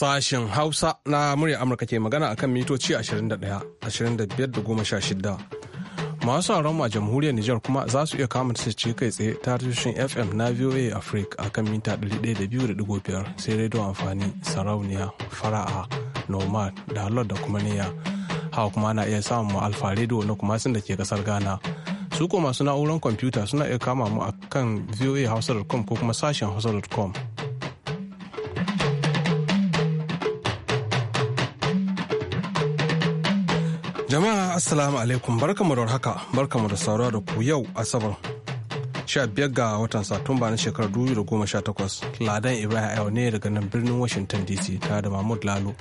Sashen Hausa na murya Amurka ke magana a kan mitoci 21, 25 Masu a a jamhuriyar Nijar kuma za su iya kama ce kai tsaye ta tushen FM na VOA Africa a kan mita 102.5 sai rediyo amfani sarauniya fara'a nomad da halar da kuma niyya. Hawa kuma na iya samun alfa rediyo na kuma sun da ke kasar Ghana. su kuma masu na'urar kwamfuta suna iya kama mu a kan voahausa.com ko kuma sashen hausa.com Jama'a Assalamu alaikum barkamu da haka barkamu da saura da ku yau Asabar 15 ga watan Satumba na shekarar 2018 Ladan Ibrahim Ayo ne daga nan birnin Washington DC ta da Mahmud Lalo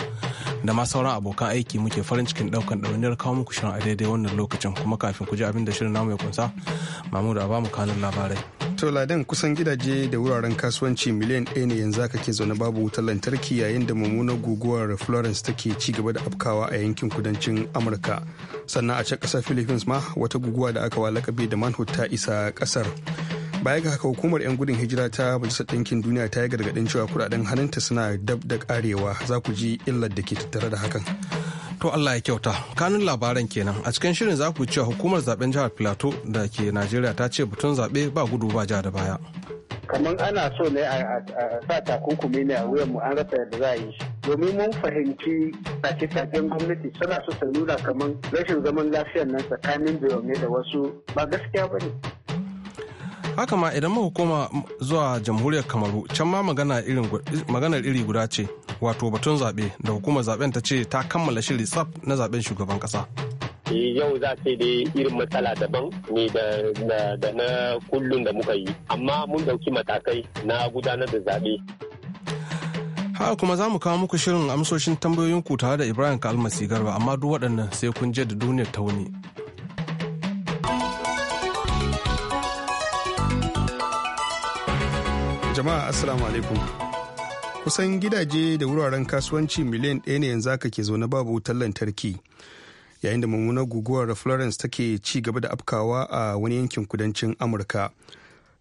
da ma sauran abokan aiki muke farin cikin daukan ɗauniyar kawo muku shirin a daidai wannan lokacin kuma kafin ku ji abin da shirin namu ya kunsa Mahmud a bamu kanun labarai. to ladan kusan gidaje da wuraren kasuwanci miliyan ɗaya ne yanzu aka ke zaune babu wutar lantarki yayin da mummunar guguwar florence take ci gaba da afkawa a yankin kudancin amurka sannan a can ƙasar philippines ma wata guguwa da aka walakabe da manhood ta isa kasar. baya ga haka hukumar 'yan gudun hijira ta majalisar ɗinkin duniya ta yi gargaɗin cewa kudaden hannunta suna dab da karewa za ku ji illar da ke tattare da hakan To Allah ya kyauta. Kanun labaran kenan a cikin shirin za ku cewa hukumar zaben jihar Filato da ke Najeriya ta ce batun zaɓe ba gudu ba ja da baya. Kamar ana so ne a sa takunkumi ne a wuyan mu an rasa yadda za a yi shi. Domin mun fahimci sake-saken gwamnati suna so ta nuna kamar rashin zaman lafiyar nan tsakanin ne da wasu ba gaskiya ba ne. haka ma idan muka koma zuwa jamhuriyar kamaru can ma maganar iri guda ce wato batun zaɓe da hukumar zaɓen ta ce ta kammala shiri tsaf na zaɓen shugaban ƙasa. Eh, yau za ce dai irin matsala daban ne da na kullum da muka yi amma mun dauki matakai na gudanar da zaɓe. haka kuma za mu kawo muku shirin amsoshin tambayoyinku tare da ibrahim kalmasi garba amma duk waɗannan sai kun je da duniyar ta wuni. Jama'a Assalamu alaikum. Kusan gidaje da wuraren kasuwanci miliyan ɗaya ne yanzu aka ke zaune babu wutar lantarki. Yayin da mummunar guguwar Florence take ci gaba da afkawa a wani yankin kudancin Amurka.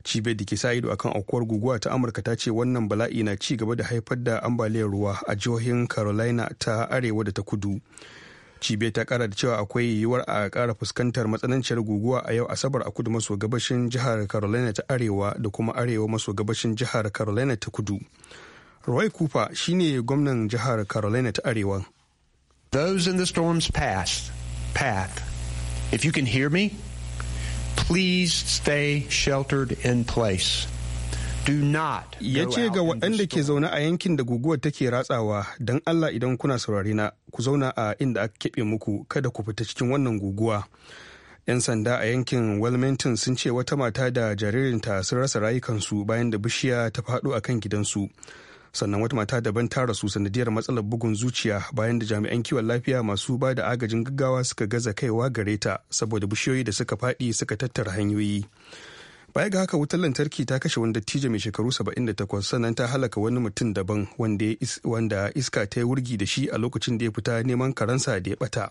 Cibiyar da ke sa ido akan aukuwar guguwa ta Amurka ta ce wannan bala'i na ci gaba da haifar da ambaliyar ruwa a jihohin Carolina ta arewa da ta kudu. cibiyar ta kara da cewa akwai yiwuwar a kara fuskantar matsananciyar guguwa a yau asabar a kudu maso gabashin jihar carolina ta arewa da kuma arewa maso gabashin jihar carolina ta kudu roy cooper shine gwamnan jihar carolina ta arewa those in the storm's pass, path if you can hear me please stay sheltered in place Ya ce ga waɗanda ke zaune a yankin da guguwar take ratsawa, don Allah idan kuna saurari na, ku zauna a inda aka keɓe muku kada ku fita cikin wannan guguwa. 'Yan sanda a yankin Wilmington sun ce wata mata da jaririnta sun rasa rayukansu bayan da bishiya ta faɗo a kan gidansu. sannan wata mata daban ta rasu sanadiyar matsalar bugun zuciya bayan da jami'an kiwon lafiya masu ba da agajin gaggawa suka gaza kaiwa gare ta saboda bishiyoyi da suka faɗi suka tattara hanyoyi baya ga haka wutar lantarki ta kashe wani dattijo mai shekaru 78 sannan ta halaka wani mutum daban wanda iska ta yi wurgi da shi a lokacin da ya fita neman karansa da ya bata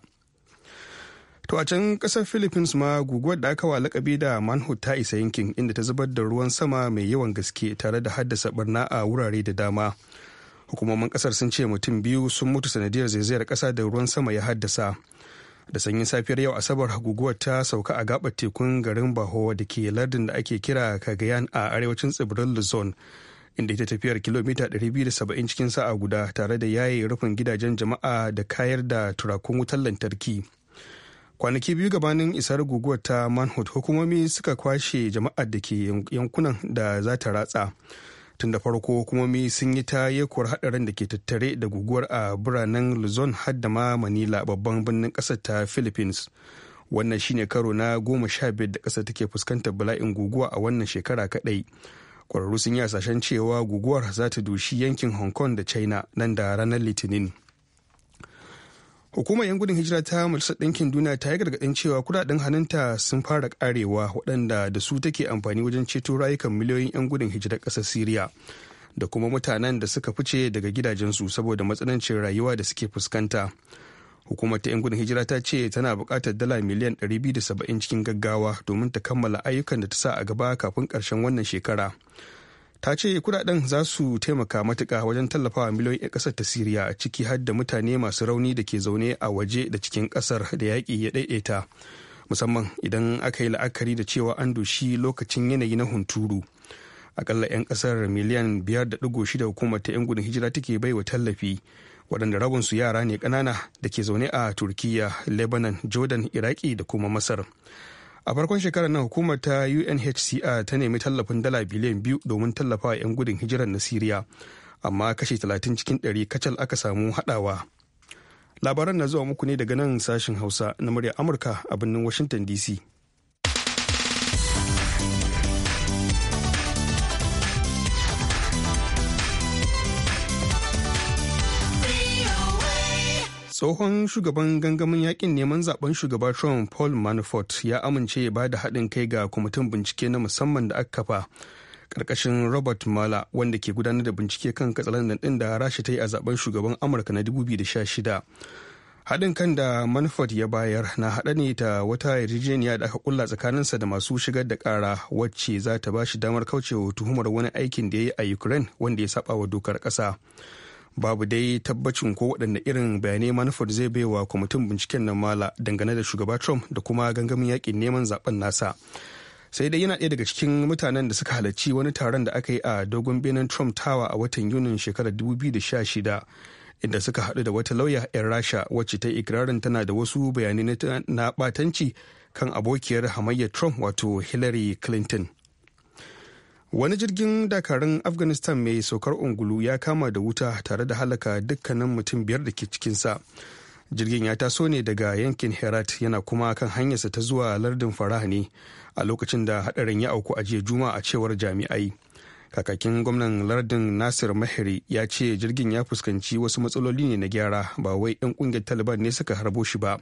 to a can kasar philippines ma guguwar da aka wa lakabi da manhood ta isa yankin inda ta zubar da ruwan sama mai yawan gaske tare da haddasa barna a wurare da dama hukumomin kasar sun ce mutum biyu sun mutu sanadiyar zaizayar kasa da ruwan sama ya haddasa da sanyin safiyar yau asabar guguwar ta sauka a gabar tekun garin baho da ke lardin da ake kira kagayan a arewacin tsibirin luzon inda ita tafiyar kilomita 270 cikin sa'a guda tare da yaye rufin gidajen jama'a da kayar da turakun wutar lantarki kwanaki biyu gabanin isar guguwar ta manhood hukumomi suka kwashe jama'ar da ke yankunan da za ta ratsa tun da farko hukumomi sun yi ta yekuwar hadarin da ke tattare da guguwar a biranen luzon hadda ma manila babban birnin kasar ta philippines wannan shine karo na goma sha biyar da kasar take fuskantar bala'in guguwa a wannan shekara kadai kwararru sun yi hasashen cewa guguwar za ta dushi yankin hong kong da china nan da ranar litinin hukumar 'yan gudun hijira ta majalisar ɗinkin duniya ta yi gargaɗin cewa kudaden hannunta sun fara karewa waɗanda da su take amfani wajen ceto rayukan miliyoyin 'yan gudun hijirar ƙasar siriya da kuma mutanen da suka fice daga gidajensu saboda matsanancin rayuwa da suke fuskanta hukumar ta 'yan gudun hijira ta ce tana buƙatar dala miliyan 270 cikin gaggawa domin ta kammala ayyukan da ta sa a gaba kafin ƙarshen wannan shekara ta ce kudaden za su taimaka matuka wajen tallafawa miliyoyin 'yan kasar ta siriya ciki har da mutane masu rauni da ke zaune a waje da cikin kasar da yaƙi ya ɗaiɗaita musamman idan aka yi la'akari da cewa an doshi lokacin yanayi na hunturu akalla 'yan kasar miliyan 5.6 hukumar ta 'yan gudun hijira take bai wa tallafi waɗanda rabinsu yara ne ƙanana da ke zaune a turkiya lebanon jordan iraki da kuma masar a farkon shekarar nan hukumar ta unhcr ta nemi tallafin dala biliyan biyu domin tallafa 'yan gudun hijirar na siriya amma kashe talatin cikin 100 kacal aka samu hadawa labaran na zuwa muku ne daga nan sashen hausa na murya amurka a birnin washington dc tsohon shugaban gangamin yakin neman zaben shugaba trump paul manafort ya amince ya bada haɗin kai ga kwamitin bincike na musamman da aka kafa karkashin robert mala wanda ke gudanar da bincike kan katsalandan ɗin da rasha ta yi a zaben shugaban amurka na 2016 haɗin kan da manafort ya bayar na haɗa ne ta wata yarjejeniya da aka kulla tsakaninsa da masu shigar da ƙara wacce za ta ba shi damar kaucewa tuhumar wani aikin da ya yi a ukraine wanda ya saba wa dokar ƙasa. babu dai tabbacin ko waɗanne irin bayanai manufar zai baiwa kwamitin binciken nan mala dangane da shugaba trump da kuma gangamin yakin neman zaben nasa sai dai yana ɗaya daga cikin mutanen da suka halarci wani taron da aka yi a dogon benin trump tawa a watan yunin shekarar 2016 inda suka haɗu da wata lauya 'yan rasha wacce ta ikirarin tana da wasu bayanai na ɓatanci kan abokiyar hamayyar trump wato hillary clinton wani jirgin dakarun afghanistan mai saukar ungulu ya kama da wuta tare da halaka dukkanin mutum biyar da ke cikinsa jirgin ya taso ne daga yankin herat yana kuma kan hanyarsa ta zuwa lardin farah ne a lokacin da hadarin ya auku a jiya juma a cewar jami'ai kakakin gwamnan lardin nasir mahiri ya ce jirgin ya fuskanci wasu matsaloli ne na gyara ba wai 'yan kungiyar taliban ne suka harbo shi ba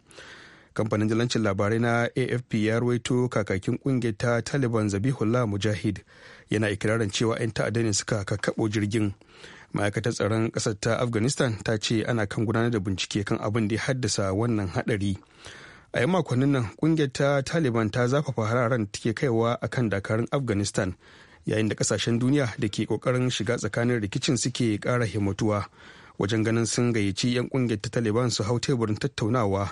kamfanin jalancin labarai na afp ya ruwaito kakakin kungiyar ta taliban zabihullah mujahid yana ikirarin cewa 'yan ta'adda ne suka kakkaɓo jirgin ma'aikatar tsaron ƙasar ta afghanistan ta ce ana kan gudanar da bincike kan abin da ya haddasa wannan haɗari a yi makonnin nan ƙungiyar ta taliban ta zafafa hararen take kaiwa a kan dakarun afghanistan yayin da ƙasashen duniya da ke ƙoƙarin shiga tsakanin rikicin suke ƙara himmatuwa wajen ganin sun gayyaci 'yan ƙungiyar ta taliban su hau teburin tattaunawa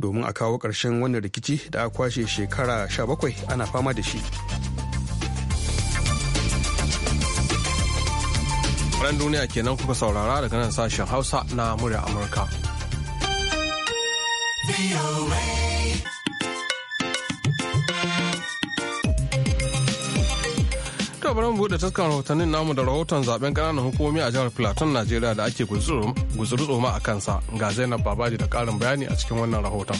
domin a kawo ƙarshen wannan rikici da a kwashe shekara 17 ana fama da shi. labaran duniya kenan kuka saurara daga nan sashen hausa na murya amurka to bari mu buɗe taskar rahotannin namu da rahoton zaben ƙananan hukumomi a jihar Filaton najeriya da ake tsoma a kansa ga zainab babaji da ƙarin bayani a cikin wannan rahoton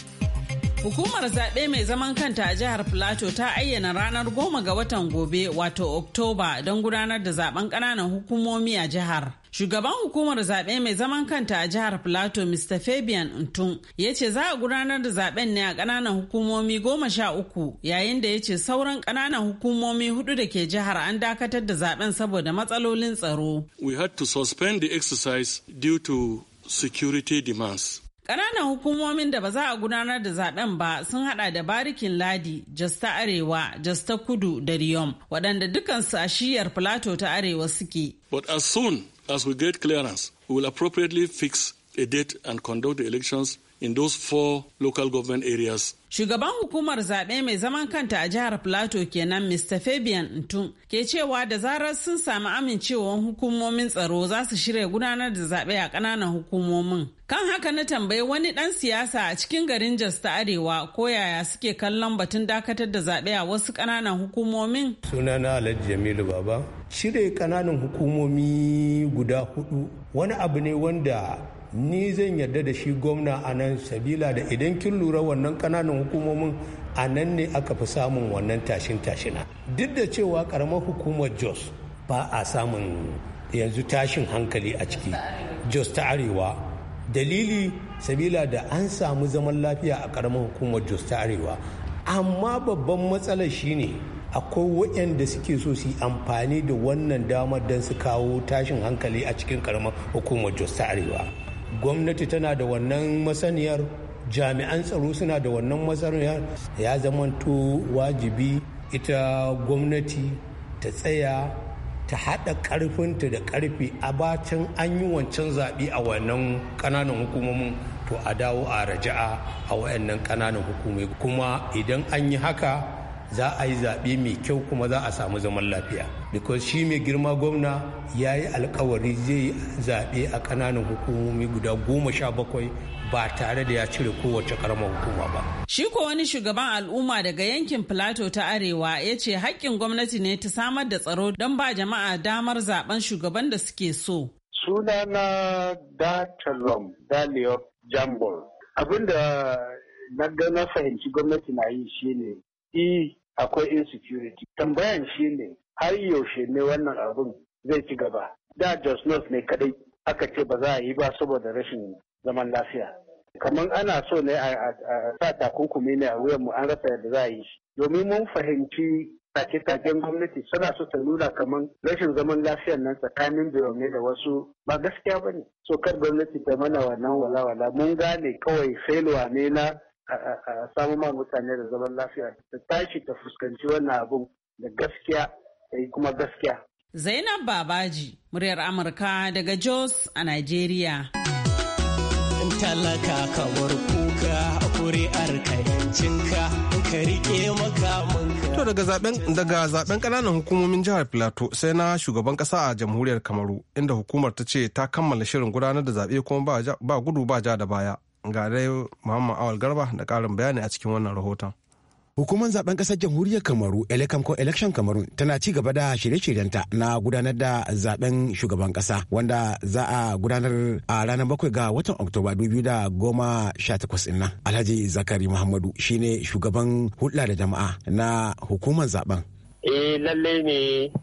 Hukumar zaɓe mai zaman kanta a jihar Filato ta ayyana ranar goma ga watan gobe wato Oktoba don gudanar da zaben ƙananan hukumomi a jihar. Shugaban hukumar zaɓe mai zaman kanta a jihar Filato Mr. Fabian Ntun ya ce za a gudanar da zaben ne a ƙananan hukumomi goma sha uku yayin da ya ce sauran ƙananan hukumomi hudu da ke jihar an dakatar da zaben saboda matsalolin tsaro. We had to suspend the exercise due to security demands. Ƙananan hukumomin da ba za a gudanar da zaben ba sun hada da Barikin Ladi, Jasta Arewa, Jasta Kudu da Riyom, waɗanda dukansu a shiyar Plateau ta Arewa suke. But as soon as we get clearance, we will appropriately fix a date and conduct the elections in those four local government areas Shugaban hukumar zaɓe mai zaman kanta a jihar Plateau kenan Mr. Fabian Ntun ke cewa da zarar sun sami amincewar hukumomin tsaro za su shirya gudanar da zaɓe a ƙananan hukumomin. Kan haka na tambayi wani ɗan siyasa a cikin garin Jos ta Arewa ko yaya suke kallon batun dakatar da zaɓe a wasu ƙananan hukumomin. Sunana Alhaji Jamilu Baba. Cire ƙananan hukumomi guda hudu wani abu ne wanda ni zan yarda da shi gwamna a nan sabila da idan kin lura wannan kananan hukumomin a nan ne aka fi samun wannan tashin tashina duk da cewa karamar hukumar jos ba a samun yanzu tashin hankali a ciki jos ta arewa dalili sabila da an samu zaman lafiya a karamar hukumar jos ta arewa amma babban matsalar shine akwai waɗanda suke so su yi amfani da wannan damar don su kawo tashin hankali a cikin karamar hukumar jos ta arewa gwamnati tana da wannan masaniyar jami'an tsaro suna da wannan masaniyar ya zamanto wajibi ita gwamnati ta tsaya ta haɗa karfinta da ƙarfi a bacin an yi wancan zaɓi a wannan ƙananan hukumomin to a dawo a raja'a a wayannan ƙananan hukumai kuma idan an yi haka za a yi zaɓe mai kyau kuma za a samu zaman lafiya because shi mai girma gwamna ya yi alkawari zai yi zaɓe a ƙananan hukumomi guda goma sha bakwai ba tare da ya cire kowace ƙaramar hukuma ba. Shi ko wani shugaban al'umma daga yankin Filato ta Arewa ya ce haƙƙin gwamnati ne ta samar da tsaro don ba jama'a damar zaben shugaban da suke so. Sunana Datalom Dalio Jambol. Abin da na ga na fahimci gwamnati na yi shi ne. E, akwai insecurity. Tambayan shi ne har yaushe ne wannan abun zai ci gaba. Da Jos not ne kadai aka ce ba za a yi ba saboda rashin zaman lafiya. Kamar ana so ne a sa takunkumi ne a wuyanmu an rasa yadda za a yi shi. Domin mun fahimci take-taken gwamnati suna so ta nuna kamar rashin zaman lafiyan nan tsakanin birane da wasu ba gaskiya ba ne. So kar gwamnati ta mana wannan walawala mun gane kawai failwa ne na a samu ma mutane da zaman lafiya ta tashi ta fuskanci wannan abu da gaskiya da kuma gaskiya. Zainab Babaji, muryar Amurka daga Jos a Najeriya. Talaka kamar kuka kuri'ar cinka, ka rike To daga zaben daga kananan hukumomin jihar Filato sai na shugaban kasa a jamhuriyar Kamaru inda hukumar ta ce ta kammala shirin gudanar da zaɓe kuma ba gudu ba ja da baya. ga dai muhammad awal garba da karin bayani a cikin wannan rahoton Hukumar zaben kasar jamhuriyar Kamaru, Elecam ko Election Kamaru tana ci gaba da shirye-shiryenta na gudanar da zaben shugaban kasa wanda za a gudanar a ranar bakwai ga watan Oktoba 2018 da goma Alhaji Zakari Muhammadu shine shugaban hulɗa da jama'a na hukumar zaben eh lalle ne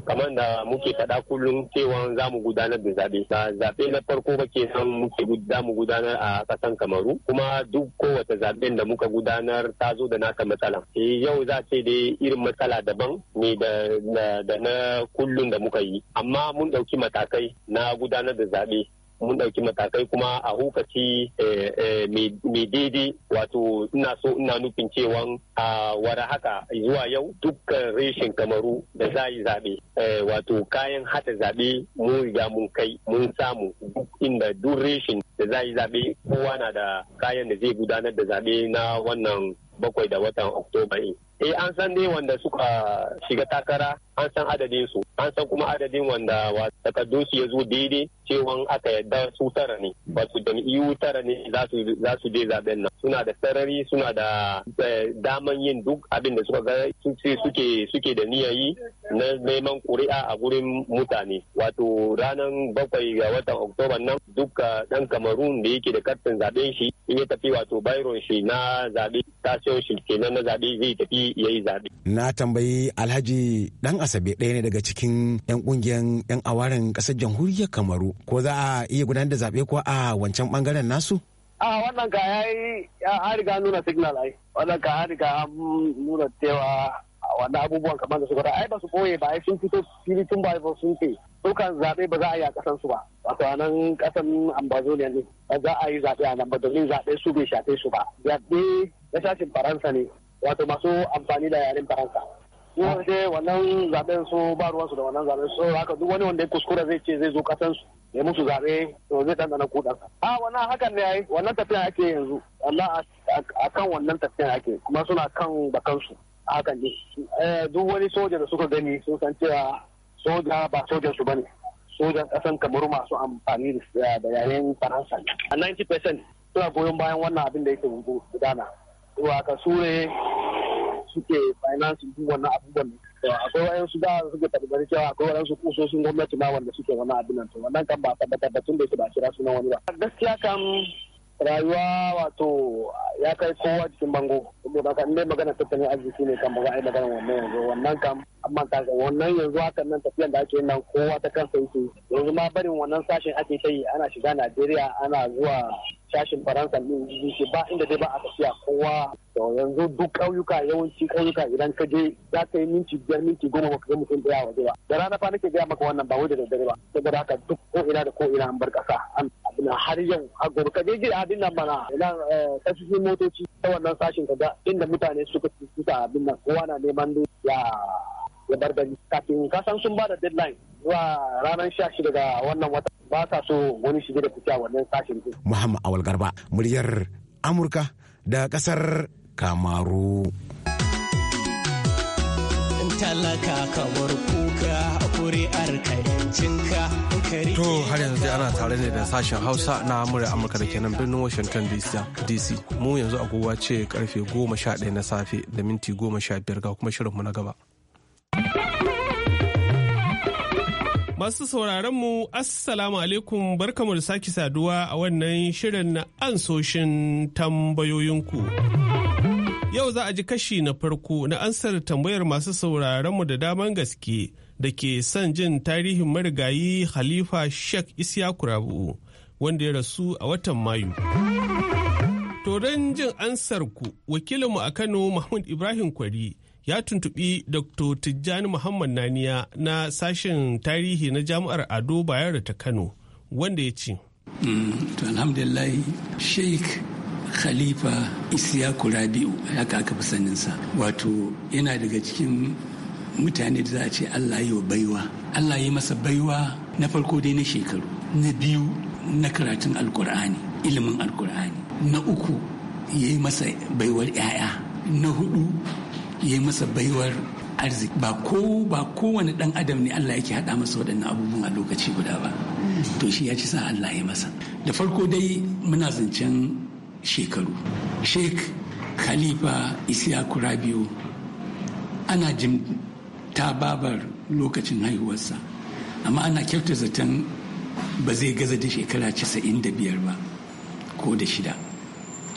kamar da muke faɗa kullum cewa za mu gudanar da zaɓe ba zaɓe na farko ba ke san muke za mu gudanar a ƙasan kamaru kuma duk kowace zaɓen da muka gudanar ta zo da naka matsala eh yau za ce dai irin matsala daban ne da na kullum da muka yi amma mun ɗauki matakai na gudanar da zaɓe mun ɗauki matakai kuma a hukaci eh, eh, mai daidai wato ina so ina nufin cewa a wara haka zuwa yau dukkan reshen kamaru da za yi zaɓe eh, wato kayan hata zaɓe mun riga mun kai mun samu inda duk reshen da za yi zaɓe kowa na da kayan da zai gudanar da zaɓe na wannan bakwai da watan oktoba in eh an san dai wanda suka shiga takara an san adadin su an san kuma adadin wanda takardun su ya zo daidai cewa aka yadda su tara ne wato jam'iyyu tara ne za su je zaben nan suna da sarari suna da eh, daman yin duk abin da suka ga suke da niyayi na neman kuri'a a gurin mutane wato ranar bakwai ga watan oktoba nan duka dan kamarun da yake da kartin zaben shi in ya tafi wato bayron shi na zabe tasiyon shi kenan na zabe zai tafi ya yi zabe. na tambayi alhaji dan asabe ɗaya ne daga cikin yan kungiyar yan awarin ƙasar jamhuriyar kamaru ko za a iya gudanar da zaɓe ko a wancan ɓangaren nasu. a wannan ka ya yi ya riga nuna signal ai wannan ka ya riga nuna cewa wannan abubuwan kamar da suka gada ai ba su boye ba ai sun fito fili tun ba sun fi." dukan zaɓe ba za a yi a ƙasan su ba wato a nan ƙasan ambazonia ne ba za a yi zaɓe a nan ba domin zaɓe su bai shafe su ba zaɓe na sashin faransa ne wato masu amfani da yaren faransa su da wannan zaɓen su ba ruwan su da wannan zaɓen su haka duk wani wanda ya kuskura zai ce zai zo ƙasan su ya musu zaɓe to zai ɗanɗana kuɗan. a wannan hakan ne yayi wannan tafiya ake yanzu Allah a kan wannan tafiya ake kuma suna kan bakansu haka ne eh, duk wani soja da suka gani sun san cewa soja ba sojan su bane sojan kasan kamaru masu amfani da yaren faransa a 90% suna goyon bayan wannan abin da yake gudana to haka su ne suke finance duk wannan abubuwan akwai wayan su da suke tabbatar cewa akwai wayan su kusoshin gwamnati ma wanda suke wannan abin nan to wannan kan ba tabbatar da tun da yake ba kira sunan wani ba gaskiya kam rayuwa wato ya kai kowa cikin bango saboda ne magana tattalin arziki ne kan ba za a yi magana wannan yanzu wannan kam amma ta wannan yanzu hakan nan tafiyan da ake nan kowa ta kansa yake yanzu ma barin wannan sashen ake ta yi ana shiga Najeriya ana zuwa sashen Faransa din yake ba inda dai ba a tafiya kowa to yanzu duk ƙauyuka yawanci ƙauyuka idan ka je za ka yi minti biyar minti goma ba ka ga mutum ɗaya waje ba da rana fa nake gaya maka wannan ba wai da daddare ba saboda haka duk ko ina da ko ina an bar ƙasa na har yau a gurka ka je abin nan mana nan eh, kasashen motoci ta wannan sashin ga. inda mutane suka suka abin nan kowa na neman ya ya barbari kafin ka san sun ba da deadline zuwa ranar sha shida ga wannan wata ba sa so wani shige da fice a wannan sashen din. Muhammad Awal Garba muryar Amurka da kasar Kamaru. Talaka kamar kuka kuri'ar kayancinka To har yanzu ana tare ne da sashen Hausa na murya Amurka da kenan birnin Washington DC. Mu yanzu agogo ce karfe 11 na safe da minti 15 ga kuma shirinmu na gaba. Masu sauraron mu Assalamu alaikum barkamu da sake saduwa a wannan shirin na ansoshin tambayoyinku. Yau za a ji kashi na farko na ansar tambayar masu sauraron mu da daman gaske. da ke son jin tarihin marigayi Khalifa Sheikh Isyaku Rabu'u wanda ya rasu a watan Mayu. Toron jin ansarku wakilinmu a Kano Mahmud Ibrahim Kwari ya tuntubi Dr. Tijjani Muhammad Naniya na sashen tarihi na Jami'ar Ado Bayero ta Kano wanda ya ce. Mm, to alhamdulillah Sheikh Khalifa Isiyaku Rabi'u ya aka fi wato yana daga cikin mutane da za a ce Allah yi wa baiwa Allah yi masa baiwa na farko dai na shekaru na biyu na karatun alkur'ani ilimin alkur'ani na uku ya yi masa baiwar 'ya'ya na hudu ya yi masa baiwar arziki ba ko ba kowane ɗan adam ne Allah yake haɗa masa waɗannan abubuwan a lokaci guda ba to shi ya ci sa Allah ya masa da farko dai muna zancen shekaru sheikh khalifa isiyaku rabiu ana jin ta babar lokacin haihuwarsa amma ana kyauta zaton ba zai gaza da shekara casa'in da biyar ba ko da shida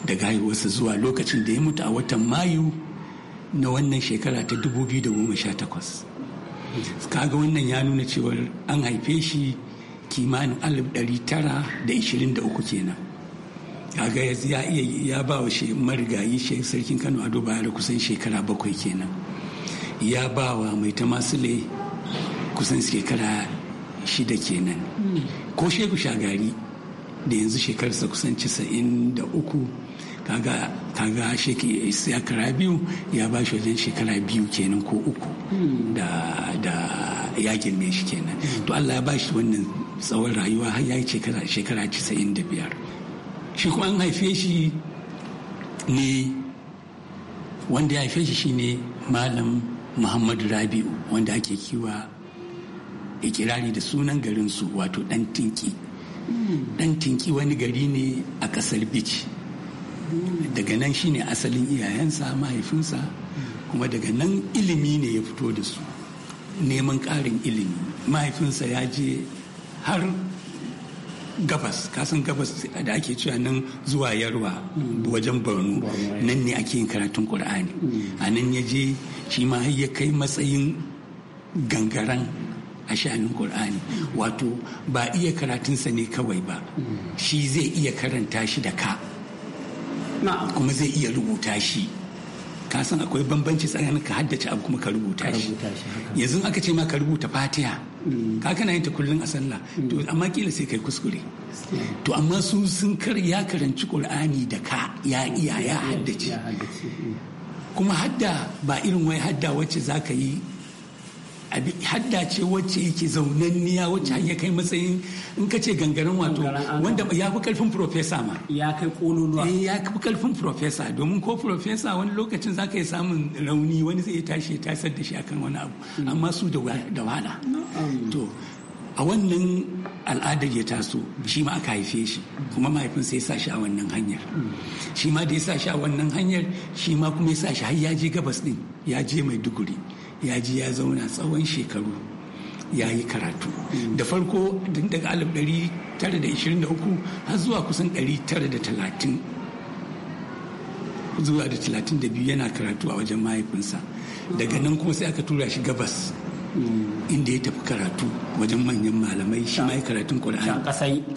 daga haihuwarsa zuwa lokacin da ya mutu a watan mayu na wannan shekara ta 2018 kaga wannan ya nuna cewar an haife shi kimanin alif tara da da ishirin uku kenan kaga ya iya ya ba wa marigayi sarkin kano ado baya da kusan shekara bakwai kenan ya ba wa mai ta masule kusan shekara shida kenan ko shehu shagari da yanzu shekarsa kusan casa'in da uku kaga sheki shekara biyu ya ba shi wajen shekara biyu kenan ko uku da ya girme shi kenan to Allah ya ba shi wannan tsawon rayuwa har ya yi shekara shekara casa'in da biyar shi kuma an haife shi ne wanda ya haife shi shine malam muhammadu rabi'u wanda ake kiwa ikirari da sunan garinsu wato dan tinki dan tinki wani gari ne a ƙasar bici daga nan shine asalin iyayensa mahaifinsa kuma daga nan ilimi ne ya fito da su neman ƙarin ilimi mahaifinsa ya je har gabas kasan gabas da ake cewa nan zuwa yarwa wajen borno nan ne ake yin karatun ƙur'ani mm. a nan ya je shi ma ya kai matsayin gangaren a sha'anin ƙur'ani wato ba iya karatunsa ne kawai ba mm. shi zai iya karanta shi da ka kuma zai iya rubuta shi kasan akwai bambanci tsakanin ka haddace abu kuma ka rubuta shi yanzu aka ce ma ka rubuta fatiha ka kana yin ta kullum a sallah to amma kila sai kai kuskure to amma su sun kar ya karanci qur'ani da ka ya iya ya haddace mm. kuma hadda ba irin wai hadda wacce zaka yi hadda ce wacce yake zaunanniya wacce ya kai matsayin in ka ce gangaren wato wanda ya fi karfin profesa ma ya kai kololuwa eh, ya fi karfin profesa domin ko profesa wani lokacin za ka yi samun rauni wani zai tashi ya tasar da shi akan wani abu hmm. amma su da wahala to a wannan al'adar ya taso shi ma aka haife shi kuma mahaifinsa ya sa shi a wannan hanyar hmm. shi ma da ya sa shi a wannan hanyar shi ma kuma ya sa shi har ya je gabas din ya je mai duguri ya ji ya zauna tsawon shekaru ya yi karatu da farko daga alif ishirin da uku har zuwa kusan da talatin zuwa da talatin da biyu yana karatu a wajen mahaifinsa daga nan kuma sai aka tura shi gabas inda ya tafi karatu wajen manyan malamai shi mai karatun Qur'ani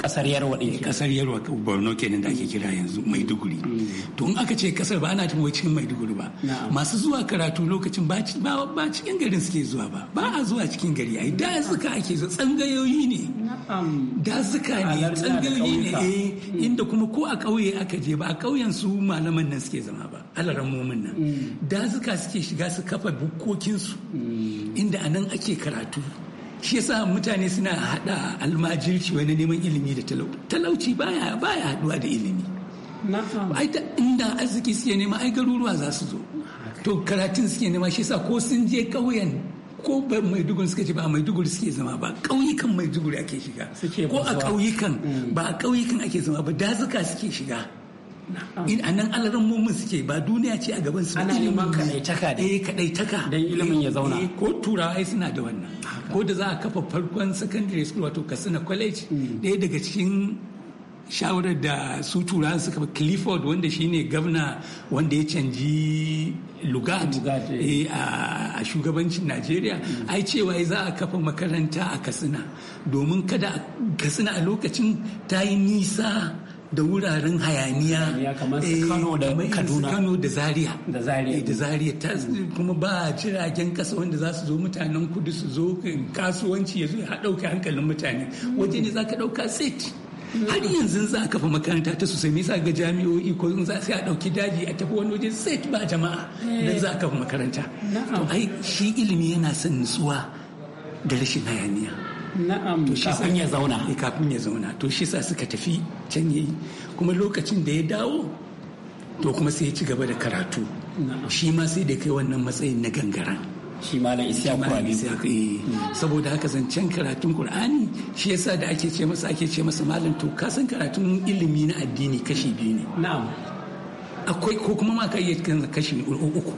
kasar Yarwa din kasar Yarwa Borno kenan da ake kira yanzu Maiduguri mm. to in aka ce kasar ba ana tafi cikin Maiduguri ba masu zuwa karatu lokacin ba cikin garin suke zuwa ba ba a zuwa cikin gari ai dazuka ake zuwa tsangayoyi ne dazuka ne tsangayoyi ne eh, mm. inda kuma ko a ƙauye aka je ba a ƙauyen su malaman nan suke zama ba alarammomin nan mm. dazuka suke shiga su kafa bukkokinsu mm. inda anan ake karatu shi yasa mutane suna hada almajirci wani neman ilimi da talauci talauci baya haduwa da ilimi ai inda arziki suke nema ai garuruwa za su zo to karatun suke nema shi yasa ko sun je ƙauyen ko ba maiduguri suka ce ba a maiduguri suke zama ba ƙauyukan maiduguri ake shiga ko a ƙauyukan mm. ba a ƙauyukan ake zama ba dazuka suke shiga in anan alaran mumin suke ba duniya ce a gaban su ana neman kadaitaka da eh taka dan ilimin ya zauna eh, ko turawa ai suna da wannan ko da za a kafa farkon secondary school wato Katsina college mm. ɗaya daga cikin shawarar da su turawa suka clifford wanda shine gwamna wanda ya canji lugard eh. Eh, a shugabancin najeriya mm. ai cewa za a kafa makaranta a katsina domin kada katsina a lokacin ta yi nisa da wuraren hayaniya eh, Kano da Kaduna da Zaria da Zaria eh, da Zaria kuma ba jiragen kasa wanda za su zo mutanen kudu su zo kasuwanci ya zo ya dauke hankalin mutane waje ne za ka ɗauka set har yanzu za a kafa makaranta ta sosai nisa ga jami'o'i ko za su a ɗauki daji a tafi wani waje set ba jama'a eh. don za a kafa makaranta to ai shi ilimi yana son nutsuwa da rashin hayaniya na'am kafin ya zauna eh, kafin ya zauna to shi sa suka tafi can yi kuma lokacin da ya dawo to kuma sai ya ci gaba da karatu shi ma sai da kai wannan matsayin na gangaren shi malam isya kurabi saboda haka zancen karatun qur'ani shi ya sa da ake ce masa ake ce masa malam to ka san karatun ilimi na addini kashi biyu ne na'am akwai ko kuma ma ka iya kashi uku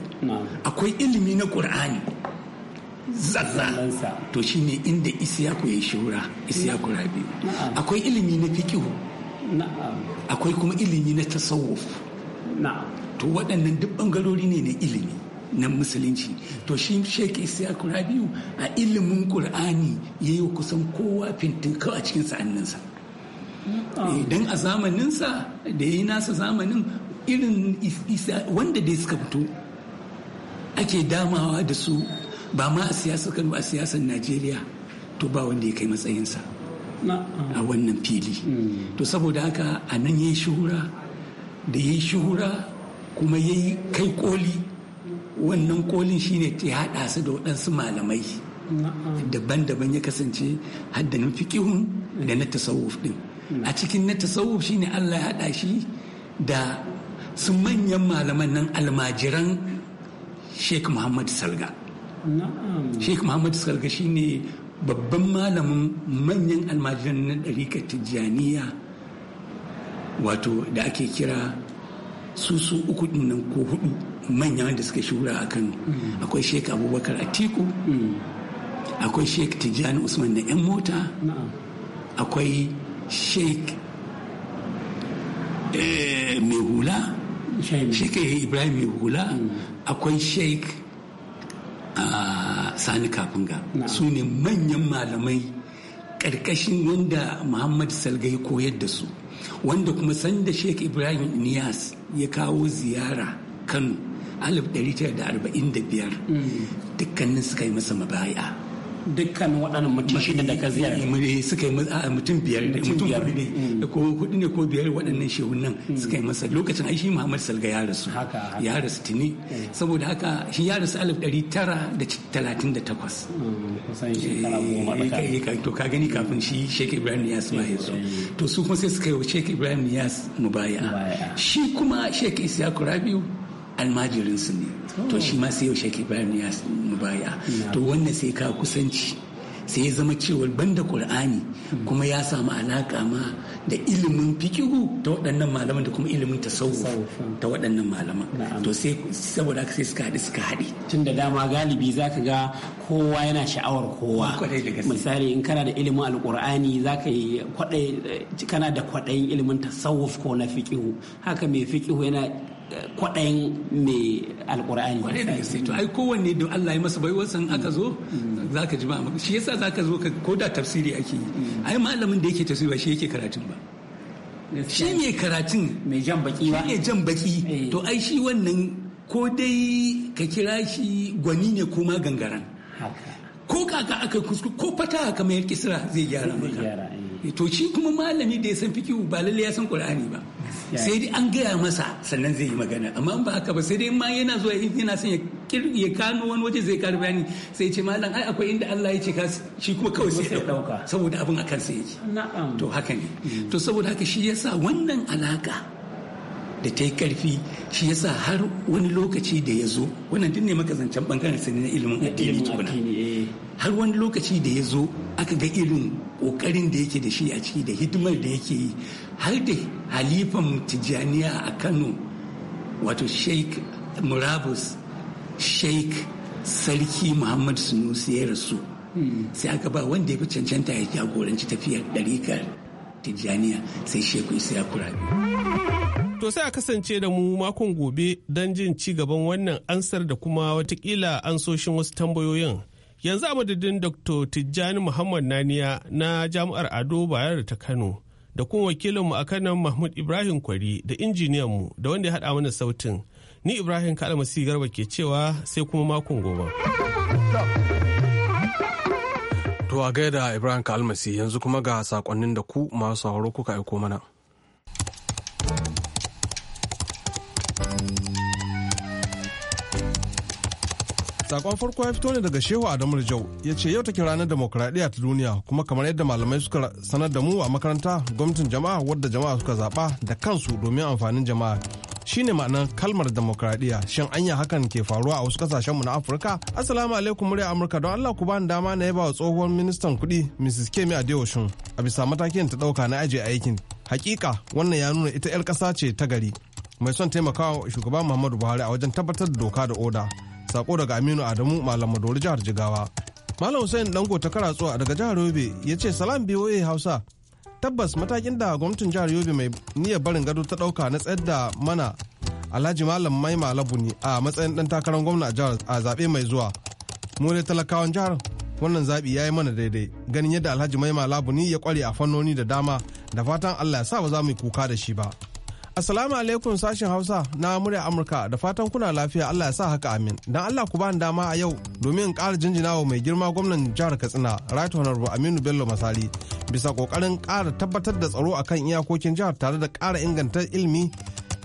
akwai ilimi na qur'ani zanna to shine inda isiyaku ya yi shura isiyaku rabi akwai ilimi na fikihu akwai kuma ilimi na tasawuf to waɗannan duk ɓangarori ne na ilimi na musulunci to shi sheik isiyaku rabi a ilimin ƙur'ani ya yi kusan kowa fintinka a cikin sa'anninsa idan eh, a zamaninsa da ya yi nasa zamanin irin wanda dai suka fito ake damawa da su ba ma a siyasar kano a siyasar najeriya to ba wanda ya kai matsayinsa a wannan fili mm. to saboda haka a nan ya yi shuhura da ya yi shuhura kuma ya yi kai koli wannan kolin shine ta haɗa su da waɗansu malamai ah. daban-daban ya kasance haddanin fiƙihun da na tasawuf din mm. a cikin na tasawuf shine allah ya haɗa shi da su manyan malaman nan almajiran sheikh muhammad salga sheikh muhammad salga shine babban malamin manyan almajiran na ɗariƙar tijjaniya wato da ake kira su su uku nan ko hudu manya da suka shura a kan mm. akwai Sheikh abubakar atiku mm. akwai Sheikh tijjani usman da 'yan mota akwai Sheikh eh, Mehula Sheikh ibrahim Mehula hula mm. akwai Sheikh sani kafinga su ne manyan malamai ƙarƙashin wanda muhammad salga koyar da su wanda kuma sanda sheikh ibrahim niyas ya kawo ziyara kano 1945 mm. dukkanin suka yi masa mabaya Dukkan waɗannan mutum shida da ka ziyara eh, suka yi mutum biyar ah, mutum biyar. ne mm. ko hudu ne ko biyar waɗannan shehun nan mm. suka yi masa lokacin ai shi Muhammad Salga ya rasu ya rasu tuni mm. saboda haka shi ya rasu alif ɗari tara da talatin da takwas eh, eh, to ka gani kafin shi Sheikh Ibrahim Niyas ma ya zo to su kuma sai suka yi wa Sheikh Ibrahim Niyas mubaya shi kuma Sheikh Isyaku Rabiu almajirinsu ne to oh. shi ma sai yau ke ibrahim ya baya to wannan sai ka kusanci sai ya zama cewar banda qur'ani hmm. kuma ya samu alaka ma da ilimin fikihu ta waɗannan malaman da kuma ilimin tasawuf ta waɗannan malaman to sai saboda haka sai suka haɗe suka haɗe tun da dama galibi zaka ga kowa yana sha'awar kowa misali in kana da ilimin alqur'ani zaka yi kana da kwaɗayin ilimin tasawuf ko na fikihu haka mai fikihu yana kwaɗayin mai alkur'ani kwaɗai da gaske to ai kowanne da Allah ya masa baiwar wasan aka zo zaka ji ba shi yasa zaka zo ko da tafsiri ake yi mm. ai malamin da yake tafsiri ba shi yake karatun ba shi ne karatun mai jan baki ba shi ne jan baki eh. to ai shi wannan ko dai ka kira shi gwani ne ko ma gangaran ko kaka aka kuskure ko fata kamar kisra zai gyara maka eh. to shi kuma malami da ya san fiki ba lalle ya san qur'ani ba sai dai an gaya masa sannan zai yi magana amma ba haka ba sai dai ma yana zuwa yana son ya kano wani waje zai kara bayani sai ce malam ai akwai inda Allah ya ce ka shi kuma kawai sai ya dauka saboda abin akan sai yake na'am to haka ne mm. to saboda haka shi yasa wannan alaka da ta yi karfi shi yasa har wani lokaci da ya zo wannan duk ne maka zancen bangaren sani na ilimin addini tukuna eh. har wani lokaci da ya zo aka ga irin kokarin da yake da shi a ciki da hidimar da yake yi har da halifan tijaniya a kano wato sheik murabus sheik sarki muhammad sunusi ya rasu hmm. sai aka ba wanda ya fi cancanta ya jagoranci tafiyar ɗarikar tijaniya sai sheku isa ya To sai a kasance da mu makon gobe don jin ci gaban wannan ansar da kuma watakila ansoshin wasu tambayoyin. Yanzu a madadin Dr. Tijjani Muhammad Naniya na Jami'ar Ado Bayar ta Kano. da kuma wakilinmu a kanan Mahmud Ibrahim Kwari da injiniyanmu da wanda ya haɗa mana sautin. Ni Ibrahim Kalmasi Garba ke cewa sai kuma makon gobe. To a gaida Ibrahim Kalmasi yanzu kuma ga sakonnin da ku masu sauraro kuka aiko mana. sakon farko ya fito ne daga shehu adamu jau ya ce yau take ranar demokuraɗiyya ta duniya kuma kamar yadda malamai suka sanar da mu a makaranta gwamnatin jama'a wadda jama'a suka zaɓa da kansu domin amfanin jama'a Shi ne ma'anar kalmar demokradiyya shin anya hakan ke faruwa a wasu kasashenmu na afirka assalamu alaikum murya amurka don allah ku bani dama na yaba wa tsohuwar ministan kuɗi mrs kemi adeoshun a bisa matakin ta ɗauka na ajiye aikin hakika wannan ya nuna ita 'yar ƙasa ce ta gari mai son taimakawa shugaba muhammadu buhari a wajen tabbatar da doka da oda Sako daga Aminu Adamu Malam Madori jihar Jigawa. Malam Hussein Dango ta karatsuwa daga jihar Yobe ya ce salam BOA Hausa. Tabbas matakin da gwamnatin jihar Yobe mai niyyar barin gado ta dauka na tsayar da mana Alhaji Malam Mai Malabu ne a matsayin dan takarar gwamna a jihar a zaɓe mai zuwa. Mu ne talakawan jihar wannan zaɓi ya yi mana daidai ganin yadda Alhaji Mai Malabu ne ya kware a fannoni da dama da fatan Allah ya sa ba za mu yi kuka da shi ba. Assalamu alaikum sashen Hausa na murya Amurka da fatan kuna lafiya Allah ya sa haka amin. Dan Allah ku bani dama a yau domin ƙara wa mai girma gwamnan jihar Katsina Right Honorable Aminu Bello Masari bisa ƙoƙarin ƙara tabbatar da tsaro akan iyakokin jihar tare da ƙara inganta ilimi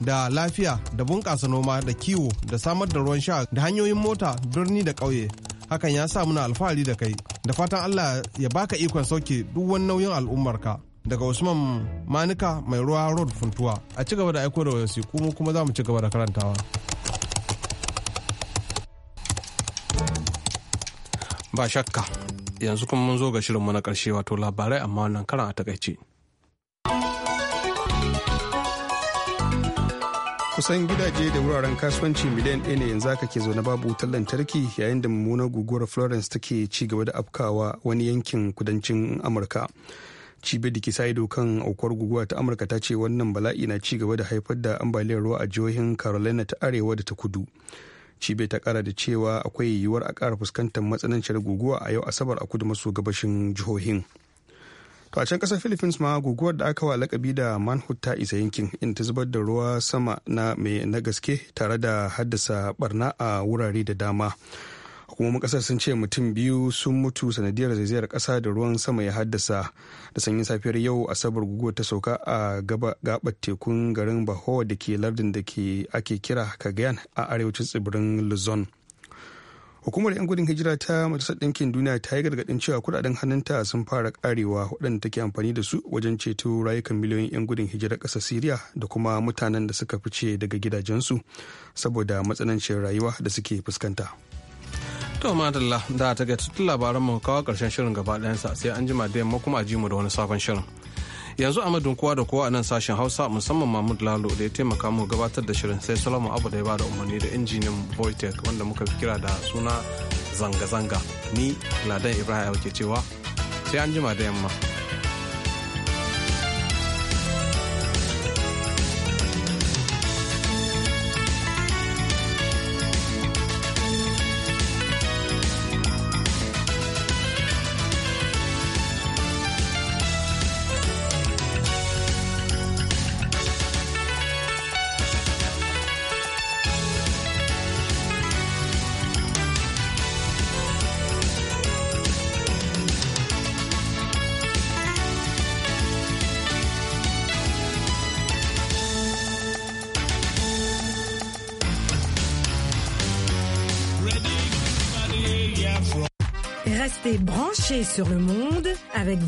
da lafiya da bunƙasa noma da kiwo da samar da ruwan sha da hanyoyin mota birni da ƙauye hakan ya sa muna alfahari da kai da fatan Allah ya baka ikon sauke duk wani nauyin al'ummarka daga usman manika mai ruwa road funtuwa a ci gaba da aiko da wasiƙu mu kuma za mu ci gaba da karantawa ba shakka yanzu kuma mun zo ga shirinmu na ƙarshe wato labarai amma wannan karan a takaice kusan gidaje da wuraren kasuwanci miliyan ɗaya ne yanzu aka ke zaune babu wutar lantarki yayin da mummunar guguwar florence take ci gaba da afkawa wani yankin kudancin amurka cibiyar da ke sa ido kan aukuwar guguwa ta amurka ta ce wannan bala'i na ci gaba da haifar da ambaliyar ruwa a jihohin carolina ta arewa da ta kudu cibiyar ta kara da cewa akwai yiwuwar a kara fuskantar matsananciyar guguwa a yau asabar a kudu maso gabashin jihohin to a can kasar philippines ma guguwar da aka wa lakabi da manhood ta isa yankin in ta zubar da ruwa sama na mai na gaske tare da haddasa barna a wurare da dama kuma kasar sun ce mutum biyu sun mutu sanadiyar zaizayar kasa da ruwan sama ya haddasa da sanyin safiyar yau asabar guguwar ta sauka a gabar tekun garin baho da ke lardin da ke ake kira kagayan a arewacin tsibirin luzon hukumar 'yan gudun hijira ta majalisar ɗinkin duniya ta yi gargaɗin cewa kudaden hannunta sun fara karewa waɗanda take amfani da su wajen ceto rayukan miliyoyin 'yan gudun hijirar ƙasar siriya da kuma mutanen da suka fice daga gidajensu saboda matsanancin rayuwa da suke fuskanta. To madalla da ta tutun labaran mu kawo karshen shirin gaba ɗayansa sai an jima da yamma kuma a ji mu da wani sabon shirin. Yanzu a madun kowa da kowa a nan sashen Hausa musamman Mahmud Lalo da ya taimaka mu gabatar da shirin sai Solomon Abu da ya bada umarni da injinin Voitech wanda muka fi kira da suna zanga-zanga. Ni Ladan Ibrahim ke cewa sai an jima da yamma. sur le monde avec